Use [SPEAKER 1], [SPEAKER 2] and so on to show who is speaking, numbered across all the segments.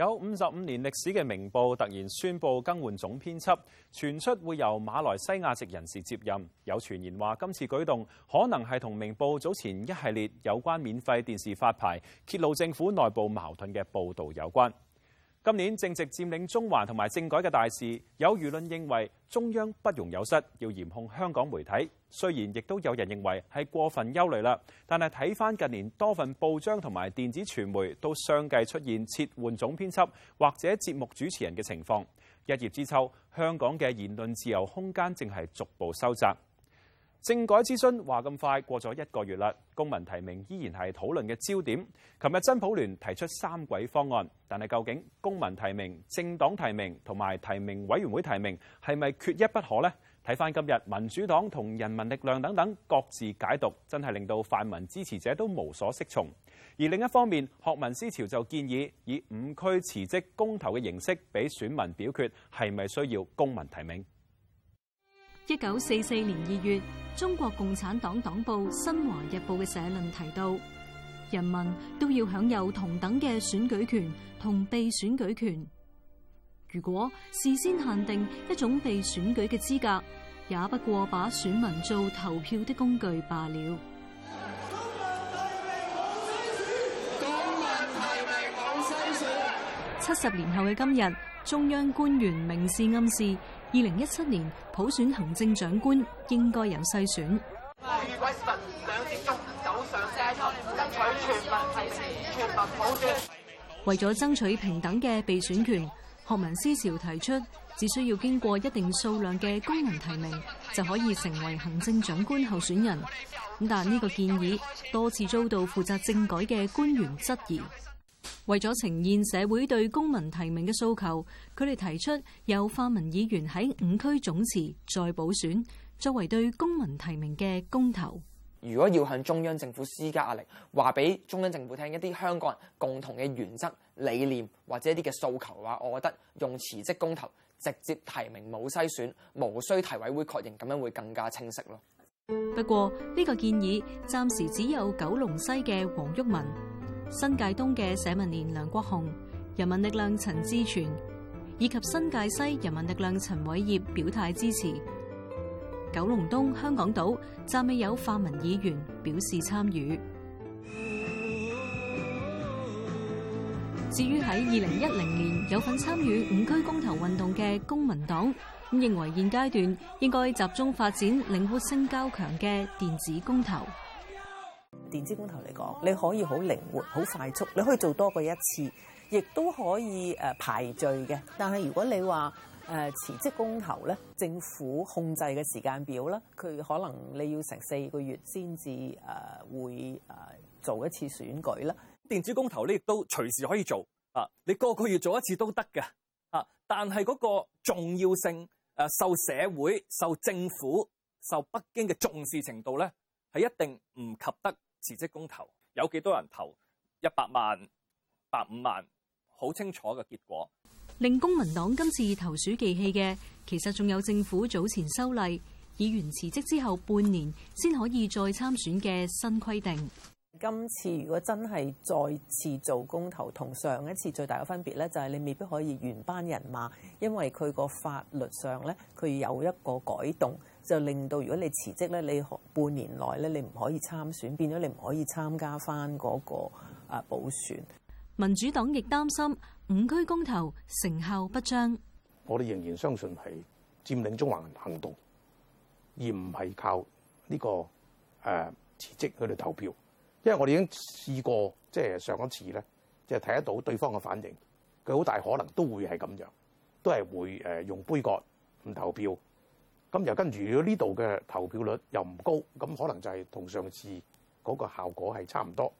[SPEAKER 1] 有五十五年歷史嘅明報突然宣布更換總編輯，傳出會由馬來西亞籍人士接任。有傳言話，今次舉動可能係同明報早前一系列有關免費電視發牌、揭露政府內部矛盾嘅報導有關。今年正值佔領中環同埋政改嘅大事，有輿論認為中央不容有失，要嚴控香港媒體。雖然亦都有人認為係過分憂慮啦，但係睇返近年多份報章同埋電子傳媒都相繼出現撤換總編輯或者節目主持人嘅情況。一葉之秋，香港嘅言論自由空間正係逐步收窄。政改諮詢話咁快過咗一個月啦，公民提名依然係討論嘅焦點。琴日真普聯提出三軌方案，但係究竟公民提名、政黨提名同埋提名委員會提名係咪缺一不可呢？睇翻今日民主黨同人民力量等等各自解讀，真係令到泛民支持者都無所適從。而另一方面，學民思潮就建議以五區辭職公投嘅形式，俾選民表決係咪需要公民提名。
[SPEAKER 2] 一九四四年二月，中國共產黨黨報《新華日報》嘅社論提到：人民都要享有同等嘅選舉權同被選舉權。如果事先限定一種被選舉嘅資格，也不過把選民做投票的工具罷了。七十年後嘅今日，中央官員明示暗示。二零一七年普選行政長官應該冇篩選。為咗爭取平等嘅被選權，學民思潮提出只需要經過一定數量嘅公民提名就可以成為行政長官候選人。咁但呢個建議多次遭到負責政改嘅官員質疑。為咗呈現社會對公民提名嘅訴求，佢哋提出由泛民議員喺五區總辭再補選，作為對公民提名嘅公投。
[SPEAKER 3] 如果要向中央政府施加壓力，話俾中央政府聽一啲香港人共同嘅原則理念或者一啲嘅訴求嘅話，我覺得用辭職公投直接提名冇篩選，無需提委會確認，咁樣會更加清晰咯。
[SPEAKER 2] 不過呢、這個建議暫時只有九龍西嘅黃毓民，新界東嘅社民連梁國雄、人民力量陳志全以及新界西人民力量陳偉業表態支持。九龍東香港島暫未有泛民議員表示參與。至於喺二零一零年有份參與五區公投運動嘅公民黨，咁認為現階段應該集中發展靈活性較強嘅電子公投。
[SPEAKER 4] 電子公投嚟講，你可以好靈活、好快速，你可以做多過一次，亦都可以誒排序嘅。但係如果你話誒辭職公投咧，政府控制嘅時間表啦，佢可能你要成四個月先至誒會誒做一次選舉啦。電
[SPEAKER 1] 子公投咧亦都隨時可以做啊！你個個月做一次都得
[SPEAKER 4] 㗎，但係
[SPEAKER 1] 嗰個重要性誒受社會、受政府、受北京嘅重視程度咧，係一定唔及得。辭職公投有幾多人投一百萬、百五萬，好清楚嘅結果。
[SPEAKER 2] 令公民黨今次投鼠忌器嘅，其實仲有政府早前修例，議員辭職之後半年先可以再參選嘅新規定。
[SPEAKER 4] 今次如果真係再次做公投，同上一次最大嘅分別咧，就係你未必可以原班人馬，因為佢個法律上咧，佢有一個改動，就令到如果你辭職咧，你半年內咧，你唔可以參選，變咗你唔可以參加翻嗰個啊補選。
[SPEAKER 2] 民主黨亦擔心五區公投成效不彰，
[SPEAKER 4] 我哋仍然相信係佔領中環行動，而唔係靠呢個誒辭職去哋投票。因為我哋已經試過，即係上一次咧，即係睇得到對方嘅反應，佢好大可能都會係咁樣，都係會誒用杯葛唔投票。咁又跟住呢度嘅投票率又唔高，咁可能就係同上次嗰個效果係差唔多。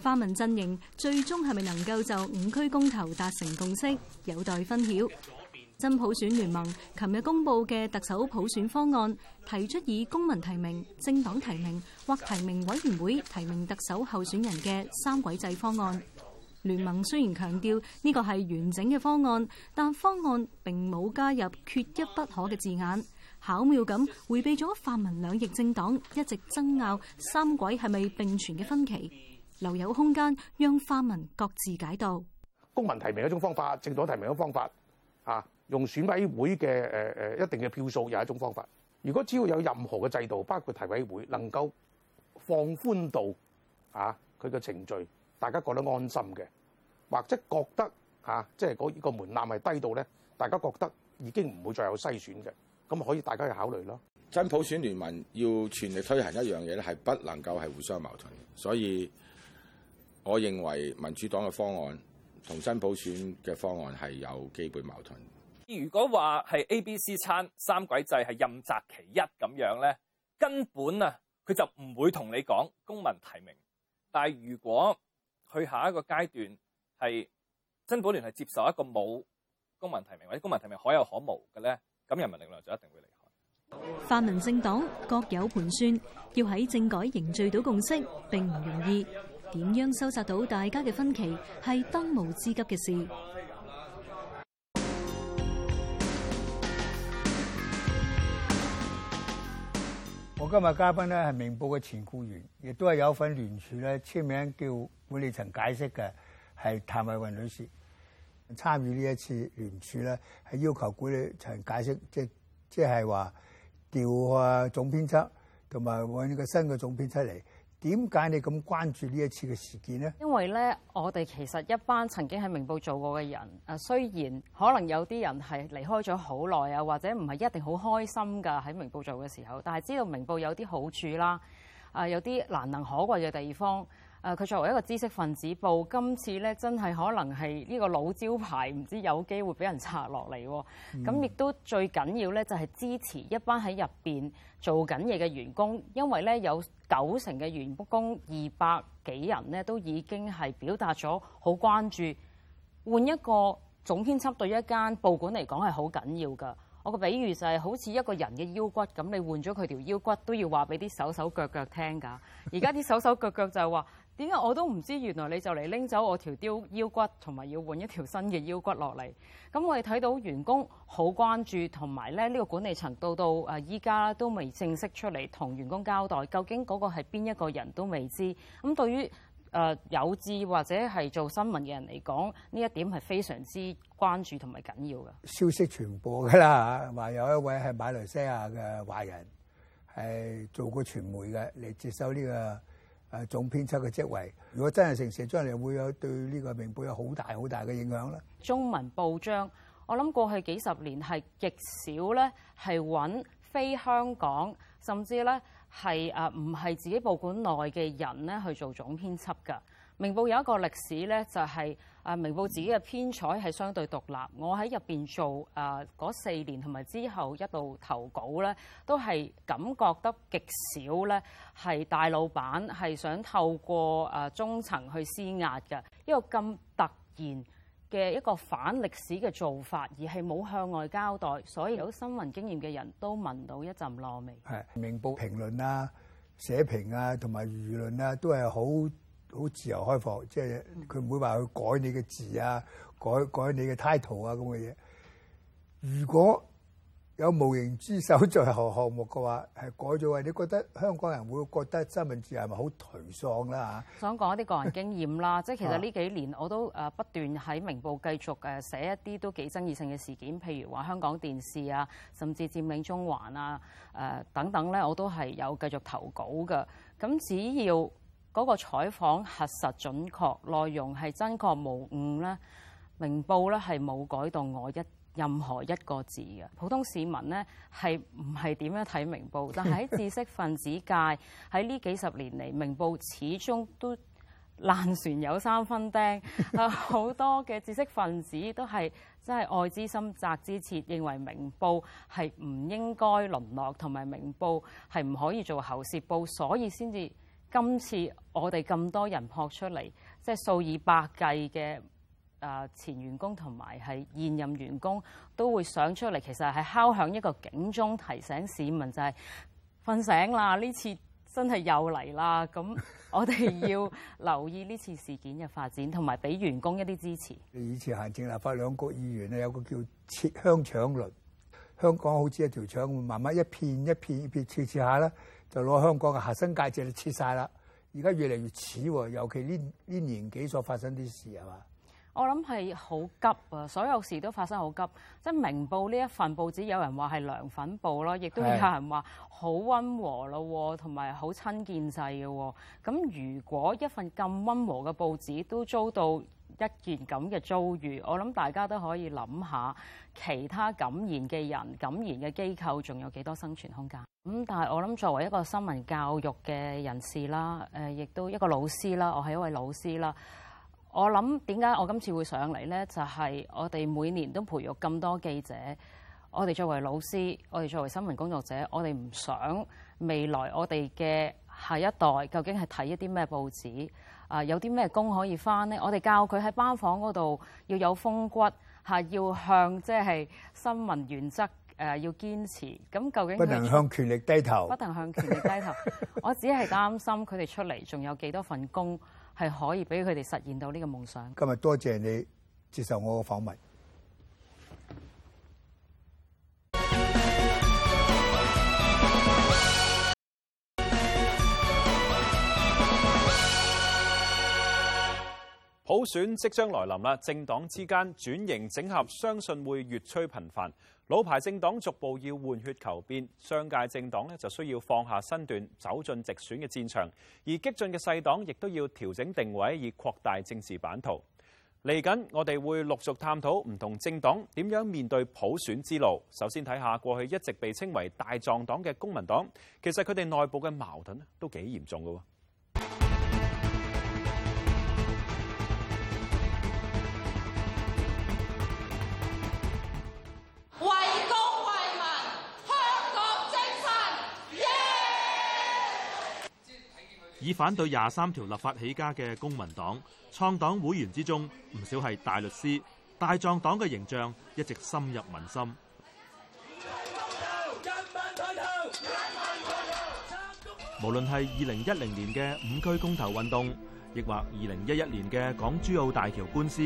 [SPEAKER 2] 泛民陣營最終係咪能夠就五區公投達成共識，有待分曉。真普選聯盟琴日公布嘅特首普選方案，提出以公民提名、政黨提名或提名委員會提名特首候選人嘅三軌制方案。聯盟雖然強調呢個係完整嘅方案，但方案並冇加入缺一不可嘅字眼，巧妙咁迴避咗泛民兩翼政黨一直爭拗三軌係咪並存嘅分歧，留有空間讓泛民各自解讀。
[SPEAKER 4] 公民提名一種方法，政黨提名一種方法。用選委會嘅、呃、一定嘅票數有一種方法。如果只要有任何嘅制度，包括提委會，能夠放寬到啊佢嘅程序，大家覺得安心嘅，或者覺得嚇、啊、即係嗰個門檻係低到咧，大家覺得已經唔會再有篩選嘅，咁可以大家去考慮咯。
[SPEAKER 3] 真普選聯盟要全力推行一樣嘢咧，係不能夠係互相矛盾。所以我認為民主黨嘅方案同真普選嘅方案係有基本矛盾。
[SPEAKER 1] 如果話係 A、B、C 餐三軌制係任擇其一咁樣咧，根本啊佢就唔會同你講公民提名。但係如果去下一個階段係真普聯係接受一個冇公民提名或者公民提名可有可無嘅咧，咁人民力量就一定會離開。
[SPEAKER 2] 泛民政黨各有盤算，要喺政改凝聚到共識，並唔容易。點樣收集到大家嘅分歧，係當務之急嘅事。
[SPEAKER 5] 我今日嘉賓咧係明報嘅前僱員，亦都係有份聯署咧簽名叫管理層解釋嘅，係譚蕙芸女士。參與呢一次聯署咧，係要求管理層解釋，即即係話調啊總編輯同埋揾個新嘅總編輯嚟。點解你咁關注呢一次嘅事件呢？
[SPEAKER 6] 因為呢，我哋其實一班曾經喺明報做過嘅人，誒，雖然可能有啲人係離開咗好耐啊，或者唔係一定好開心㗎喺明報做嘅時候，但係知道明報有啲好處啦，啊，有啲難能可貴嘅地方。誒，佢作為一個知識分子報，今次咧真係可能係呢個老招牌，唔知有機會俾人拆落嚟喎。咁亦、嗯、都最緊要咧，就係、是、支持一班喺入邊做緊嘢嘅員工，因為咧有九成嘅員工二百幾人咧都已經係表達咗好關注。換一個總編輯對一間報館嚟講係好緊要㗎。我個比喻就係、是、好似一個人嘅腰骨咁，你換咗佢條腰骨都要話俾啲手手腳腳聽㗎。而家啲手手腳腳就係話。 點解我都唔知？原來你就嚟拎走我條腰腰骨，同埋要換一條新嘅腰骨落嚟。咁我哋睇到員工好關注，同埋咧呢個管理層到到誒依家都未正式出嚟同員工交代，究竟嗰個係邊一個人都未知。咁對於誒有志或者係做新聞嘅人嚟講，呢一點係非常之關注同埋緊要嘅。
[SPEAKER 5] 消息傳播㗎啦，話有一位係馬來西亞嘅華人係做過傳媒嘅，嚟接收呢個。誒總編輯嘅職位，如果真係成成將來會有對呢個明報有好大好大嘅影響咧。
[SPEAKER 6] 中文報章，我諗過去幾十年係極少咧，係揾非香港，甚至咧係誒唔係自己報館內嘅人咧去做總編輯㗎。明報有一個歷史咧，就係啊，明報自己嘅編採係相對獨立。我喺入邊做啊嗰四年，同埋之後一度投稿咧，都係感覺得極少咧，係大老闆係想透過啊中層去施壓嘅一個咁突然嘅一個反歷史嘅做法，而係冇向外交代，所以有新聞經驗嘅人都聞到一陣燶味。
[SPEAKER 5] 係明報評論啊、社評啊同埋輿論啊，都係好。好自由開放，即係佢唔會話去改你嘅字啊，改改你嘅 title 啊咁嘅嘢。如果有無形之手在後項目嘅話，係改咗嘅，你覺得香港人會覺得新聞自由係咪好頹喪啦？
[SPEAKER 6] 想講一啲個人經驗啦， 即係其實呢幾年我都誒不斷喺明報繼續誒寫一啲都幾爭議性嘅事件，譬如話香港電視啊，甚至佔領中環啊，誒等等咧，我都係有繼續投稿㗎。咁只要嗰個採訪核實準確，內容係真確無誤啦。明報咧係冇改動我一任何一個字嘅。普通市民咧係唔係點樣睇明報？但係喺 知識分子界喺呢幾十年嚟，明報始終都爛船有三分釘。啊，好多嘅知識分子都係真係愛之深，責之切，認為明報係唔應該淪落，同埋明報係唔可以做喉舌報，所以先至。今次我哋咁多人撲出嚟，即係數以百計嘅啊前員工同埋係現任員工都會想出嚟，其實，係敲響一個警鐘提醒市民就係、是、瞓醒啦！呢次真係又嚟啦，咁我哋要留意呢次事件嘅發展，同埋俾員工一啲支持。
[SPEAKER 5] 以前行政立法兩局議員咧有個叫切香腸論，香港好似一條腸會慢慢一片一片一片切切下啦。就攞香港嘅核心價值嚟切晒啦！而家越嚟越似喎，尤其呢呢年幾所發生啲事係嘛？是
[SPEAKER 6] 我諗係好急啊！所有事都發生好急，即係明報呢一份報紙有人話係涼粉報咯，亦都有人話好溫和咯，同埋好親建制嘅。咁如果一份咁溫和嘅報紙都遭到一件咁嘅遭遇，我諗大家都可以諗下，其他敢言嘅人、敢言嘅機構仲有幾多少生存空間？咁但係我諗作為一個新聞教育嘅人士啦，誒，亦都一個老師啦，我係一位老師啦。我諗點解我今次會上嚟呢？就係我哋每年都培育咁多記者，我哋作為老師，我哋作為新聞工作者，我哋唔想未來我哋嘅下一代究竟係睇一啲咩報紙啊？有啲咩工可以返呢？我哋教佢喺班房嗰度要有風骨，係要向即係新聞原則。誒要堅持咁，究竟不能向權
[SPEAKER 5] 力低頭，不能
[SPEAKER 6] 向權力低頭。 我只係擔心佢哋出嚟，仲有幾多份工係可以俾佢哋實現到呢個夢想。
[SPEAKER 5] 今日多謝,謝你接受我個訪問。
[SPEAKER 1] 普選即將來臨啦，政黨之間轉型整合，相信會越趨頻繁。老牌政黨逐步要換血求變，上屆政黨就需要放下身段，走進直選嘅戰場；而激進嘅細黨亦都要調整定位，以擴大政治版圖。嚟緊我哋會陸續探討唔同政黨點樣面對普選之路。首先睇下過去一直被稱為大狀黨嘅公民黨，其實佢哋內部嘅矛盾都幾嚴重嘅。
[SPEAKER 3] 以反對廿三條立法起家嘅公民黨創黨會員之中，唔少係大律師，大狀黨嘅形象一直深入民心。無論係二零一零年嘅五區公投運動，亦或二零一一年嘅港珠澳大橋官司，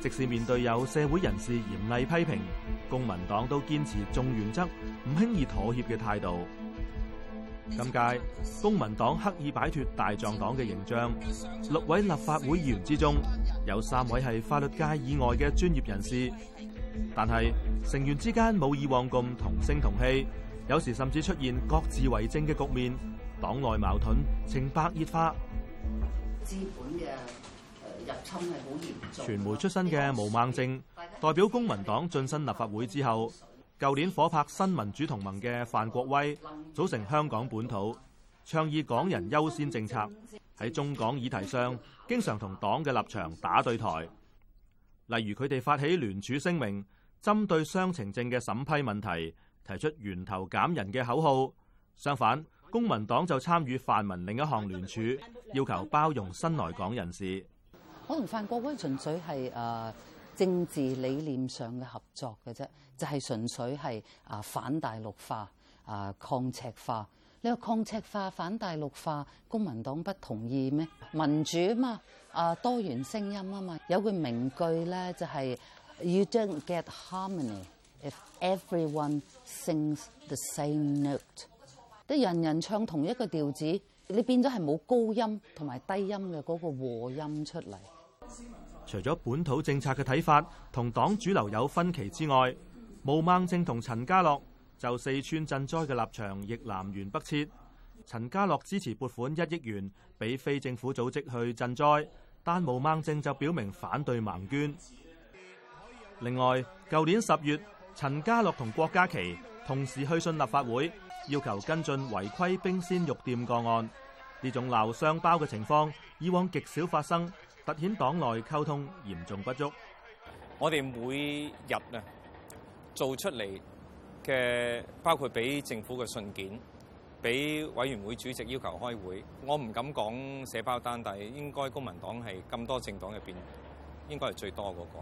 [SPEAKER 3] 即使面對有社會人士嚴厲批評，公民黨都堅持重原則、唔輕易妥協嘅態度。今屆公民黨刻意擺脫大狀黨嘅形象，六位立法會議員之中有三位係法律界以外嘅專業人士，但係成員之間冇以往咁同聲同氣，有時甚至出現各自為政嘅局面，黨內矛盾呈白熱化。
[SPEAKER 7] 資本嘅入侵係好嚴重。傳
[SPEAKER 3] 媒出身嘅毛孟靜代表公民黨晉身立法會之後，舊年火拍新民主同盟嘅范國威組成香港本土，倡議港人優先政策，喺中港議題上經常同黨嘅立場打對台。例如佢哋發起聯署聲明，針對雙程證嘅審批問題提出源頭減人嘅口號。相反，公民黨就參與泛民另一項聯署，要求包容新來港人士。
[SPEAKER 7] 我同范國威純粹係誒政治理念上嘅合作嘅啫。就係純粹係啊，反大陸化啊，抗赤化。你話抗赤化、反大陸化，公民黨不同意咩？民主嘛，啊多元聲音啊嘛。有句名句咧，就係 You don't get harmony if everyone sings the same note。啲人人唱同一個調子，你變咗係冇高音同埋低音嘅嗰個和音出嚟。
[SPEAKER 3] 除咗本土政策嘅睇法同黨主流有分歧之外，毛孟靜同陳家洛，就四川賑災嘅立場亦南轅北轍。陳家洛支持撥款一億元俾非政府組織去賑災，但毛孟靜就表明反對盲捐。另外，舊年十月，陳家洛同郭家麒同時去信立法會，要求跟進違規冰鮮肉店個案。呢種鬧雙包嘅情況，以往極少發生，凸顯黨內溝通嚴重不足。我哋每
[SPEAKER 1] 日啊～做出嚟嘅包括俾政府嘅信件，俾委員會主席要求開會，我唔敢講寫包單，但係應該公民黨係咁多政黨入邊應該係最多嗰個。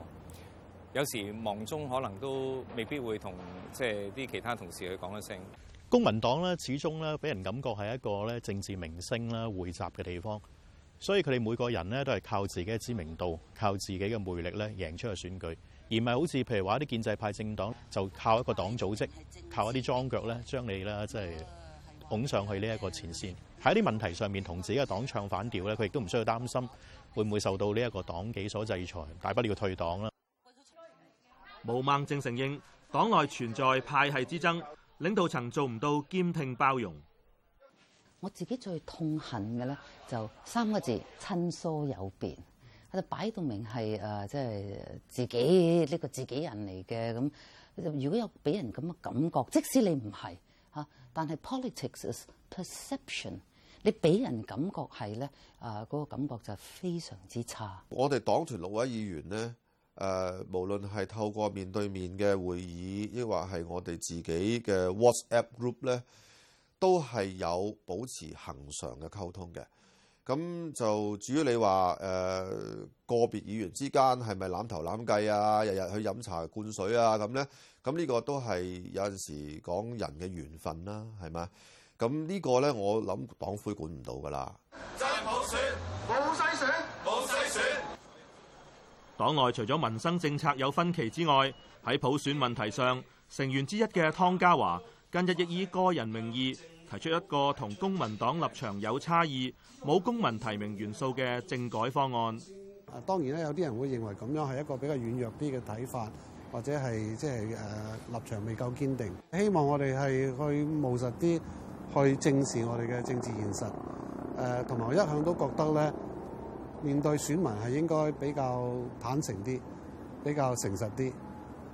[SPEAKER 1] 有時忙中可能都未必會同即係啲其他同事去講一聲
[SPEAKER 4] 公民黨咧，始終咧俾人感覺係一個咧政治明星啦匯集嘅地方。所以佢哋每個人呢都係靠自己嘅知名度、靠自己嘅魅力咧贏出去選舉，而唔係好似譬如話一啲建制派政黨就靠一個黨組織，靠一啲莊腳咧將你啦即係捧上去呢一個前線。喺啲問題上面同自己嘅黨唱反調咧，佢亦都唔需要擔心會唔會受到呢一個黨紀所制裁，大不了退黨啦。
[SPEAKER 3] 毛孟靜承認黨內存在派系之爭，領導層做唔到兼聽包容。
[SPEAKER 7] 我自己最痛恨嘅咧，就三個字，親疏有別，我就擺到明係誒、啊，即係自己呢、這個自己人嚟嘅咁。如果有俾人咁嘅感覺，即使你唔係嚇，但係 politics is perception，你俾人感覺係咧誒，嗰、啊那個感覺就非常之差。
[SPEAKER 3] 我哋黨團六位議員咧誒、啊，無論係透過面對面嘅會議，亦或係我哋自己嘅 WhatsApp group 咧。都係有保持恒常嘅溝通嘅，咁就至於你話誒、呃、個別議員之間係咪攬頭攬計啊，日日去飲茶灌水啊咁呢，咁呢個都係有陣時講人嘅緣分啦、啊，係咪？咁呢個呢，我諗黨魁管唔到㗎啦。真普選，冇篩選，冇篩選。黨外除咗民生政策有分歧之外，喺普選問題上，成員之一嘅湯家驊近日亦以個人名義。提出一個同公民黨立場有差異，冇公民提名元素嘅政改方案。
[SPEAKER 2] 啊，當然咧，有啲人會認為咁樣係一個比較軟弱啲嘅睇法，或者係即係誒立場未夠堅定。希望我哋係去務實啲，去正視我哋嘅政治現實。誒，同埋我一向都覺得咧，面對選民係應該比較坦誠啲，比較誠實啲。誒、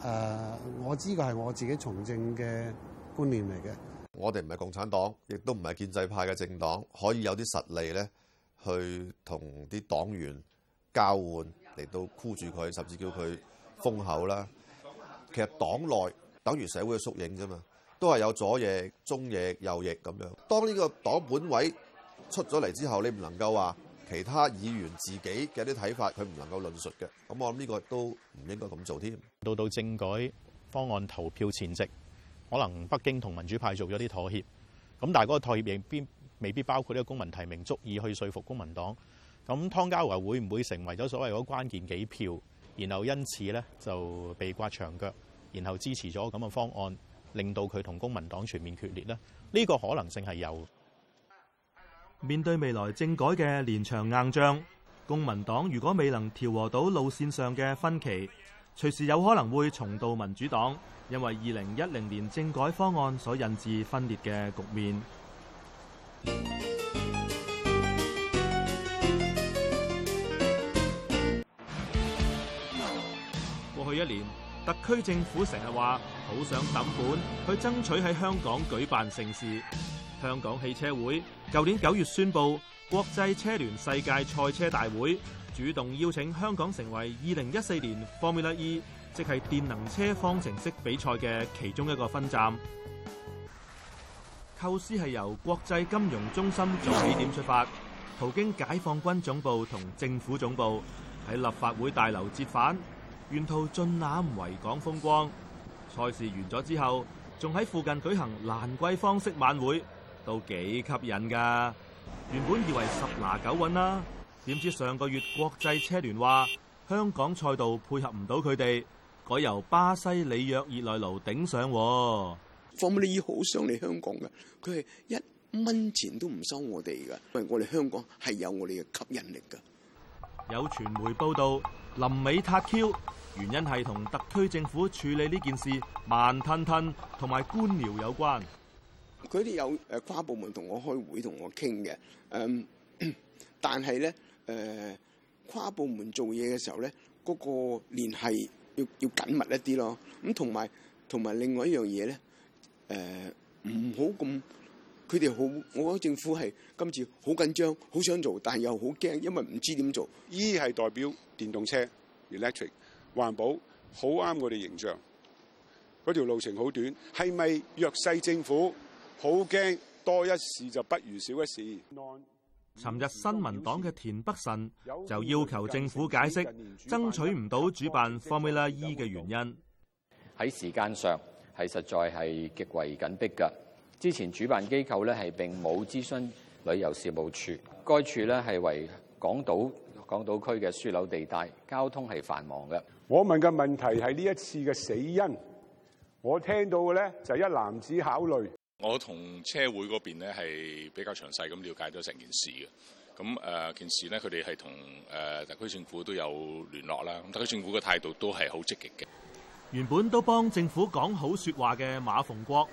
[SPEAKER 2] 呃，我知個係我自己從政嘅觀念嚟嘅。
[SPEAKER 3] 我哋唔係共產黨，亦都唔係建制派嘅政黨，可以有啲實力咧，去同啲黨員交換嚟到箍住佢，甚至叫佢封口啦。其實黨內等於社會嘅縮影啫嘛，都係有左翼、中翼、右翼咁樣。當呢個黨本位出咗嚟之後，你唔能夠話其他議員自己嘅啲睇法，佢唔能夠論述嘅。咁我諗呢個都唔應該咁做添。到到政
[SPEAKER 4] 改方案投票前夕。可能北京同民主派做咗啲妥協，咁但係嗰個妥協未必未必包括呢個公民提名，足以去說服公民黨，咁湯家驊會唔會成為咗所謂嗰關鍵幾票，然後因此咧就被刮牆腳，然後支持咗咁嘅方案，令到佢同公民黨全面決裂咧？呢、呢個可
[SPEAKER 3] 能性係有。面對未來政改嘅連場硬仗，公民黨如果未能調和到路線上嘅分歧，隨時有可能會重蹈民主黨因為二零一零年政改方案所引致分裂嘅局面。過去一年，特區政府成日話好想抌本去爭取喺香港舉辦盛事。香港汽車會舊年九月宣布，國際車聯世界賽車大會，主動邀請香港成為二零一四年 Formula E，即係電能車方程式比賽嘅其中一個分站。構思係由國際金融中心做起點出發，途經解放軍總部同政府總部，喺立法會大樓折返，沿途盡覽維港風光。賽事完咗之後，仲喺附近舉行蘭桂坊式晚會，都幾吸引噶。原本以為十拿九穩啦，點知上個月國際車聯話香港賽道配合唔到佢哋，改由巴西里約熱內盧頂上。Formula E 好想嚟香港㗎，佢係一蚊錢都唔收我哋噶，因為我哋香港係有我哋嘅吸引力噶。有傳媒報道臨尾撻 Q，原因係同特區政府處理呢件事慢吞吞同埋官僚有關。佢哋有誒跨部門同我開會，同我傾嘅。嗯，但係咧誒跨部門做嘢嘅時候咧，嗰、那個聯繫要要緊密一啲咯。咁同埋同埋另外一樣嘢咧，誒、呃、唔好咁佢哋好，我覺得政府係今次好緊張，好想做，但係又好驚，因為唔知點
[SPEAKER 4] 做。呢係代表電動車 electric 環保，好啱我哋形
[SPEAKER 1] 象。嗰條路程好短，係咪弱勢政府？好驚，多一事就不如少一事。
[SPEAKER 3] 尋日，新民黨嘅田北辰就要求政府解釋爭取唔到主辦 Formula E 嘅原因。喺時間上係實在係極為緊迫噶。之前主辦機構咧，係並冇諮詢旅遊事務處，該處咧，係為港島港島區嘅樞紐地帶，交通係繁忙嘅。
[SPEAKER 1] 我問嘅問題係呢一次嘅死因，我聽到嘅咧，就是一男子考慮。
[SPEAKER 4] 我同車會嗰邊呢係比較詳細咁了解咗成件事嘅。咁誒件事呢，佢哋係同誒特區政府都有聯絡啦，特區政府嘅態度都係好積極嘅。
[SPEAKER 5] 原
[SPEAKER 3] 本都幫政府講好說話嘅馬逢國，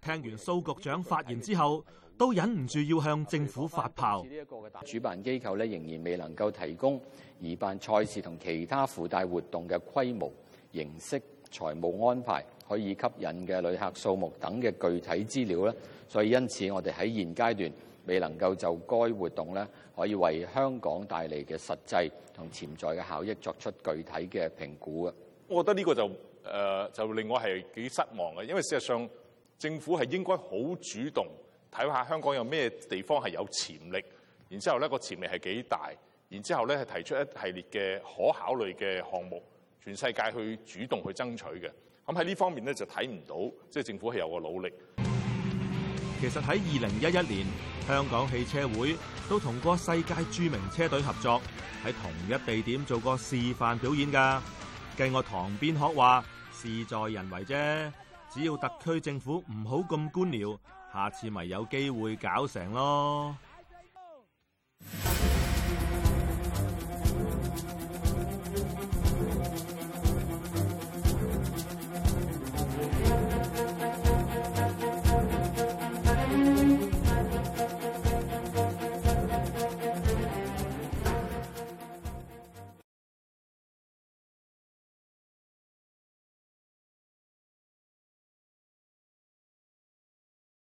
[SPEAKER 3] 聽完蘇局長發言之後，都忍唔住要向政府發炮。主辦機構呢，仍然未能夠提供移辦賽事同其他附帶活動嘅規模形式、財務安排、可以吸引嘅旅客數目等嘅具體資料咧，所以因此我哋喺現階段未能夠就該活動咧可以為香港帶嚟嘅實際同潛在嘅效益作出具體嘅評估嘅。
[SPEAKER 4] 我覺得呢個就誒就令我係幾失望嘅，因為事實上政府係應該好主動睇下香港有咩地方係有潛力，然之後咧個潛力係幾大，然之後咧係提出一系列嘅可考慮嘅項目。全世界去主動去爭取嘅，
[SPEAKER 3] 咁喺呢方面咧就睇唔到，即係政府係有個努力。其實喺二零一一年，香港汽車會都同過世界著名車隊合作喺同一地點做過示範表演㗎。計我旁邊學話，事在人為啫，只要特區政府唔好咁官僚，下次咪有機會搞成咯。